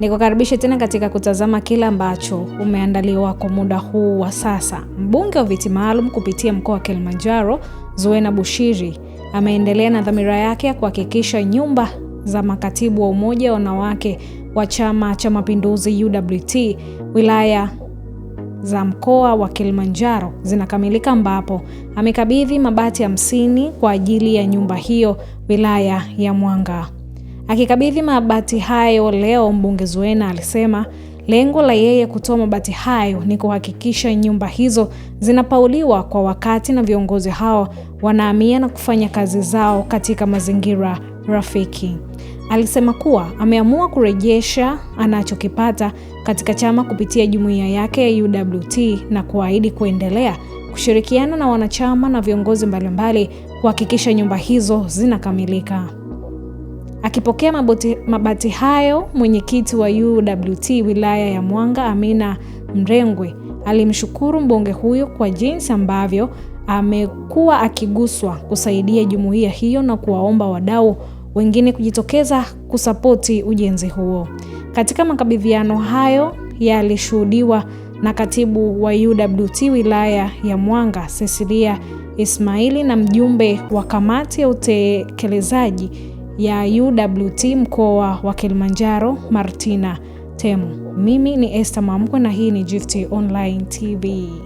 Nikukaribishe tena katika kutazama kile ambacho umeandaliwa kwa muda huu wa sasa. Mbunge wa viti maalum kupitia mkoa wa Kilimanjaro, Zuena Bushiri ameendelea na dhamira yake ya kuhakikisha nyumba za makatibu wa Umoja wa Wanawake wa Chama cha Mapinduzi UWT wilaya za mkoa wa Kilimanjaro zinakamilika ambapo amekabidhi mabati hamsini kwa ajili ya nyumba hiyo wilaya ya Mwanga. Akikabidhi mabati hayo leo, mbunge Zuena alisema lengo la yeye kutoa mabati hayo ni kuhakikisha nyumba hizo zinapauliwa kwa wakati na viongozi hao wanahamia na kufanya kazi zao katika mazingira rafiki. Alisema kuwa ameamua kurejesha anachokipata katika chama kupitia jumuiya yake ya UWT na kuahidi kuendelea kushirikiana na wanachama na viongozi mbalimbali kuhakikisha nyumba hizo zinakamilika. Akipokea maboti, mabati hayo, mwenyekiti wa UWT wilaya ya Mwanga Amina Mrengwe alimshukuru mbunge huyo kwa jinsi ambavyo amekuwa akiguswa kusaidia jumuiya hiyo na kuwaomba wadau wengine kujitokeza kusapoti ujenzi huo. Katika makabidhiano hayo yalishuhudiwa na katibu wa UWT wilaya ya Mwanga Cecilia Ismaili na mjumbe wa kamati ya utekelezaji ya UWT mkoa wa Kilimanjaro, Martina Temu. Mimi ni Esther Mwamkwe na hii ni Gift Online TV.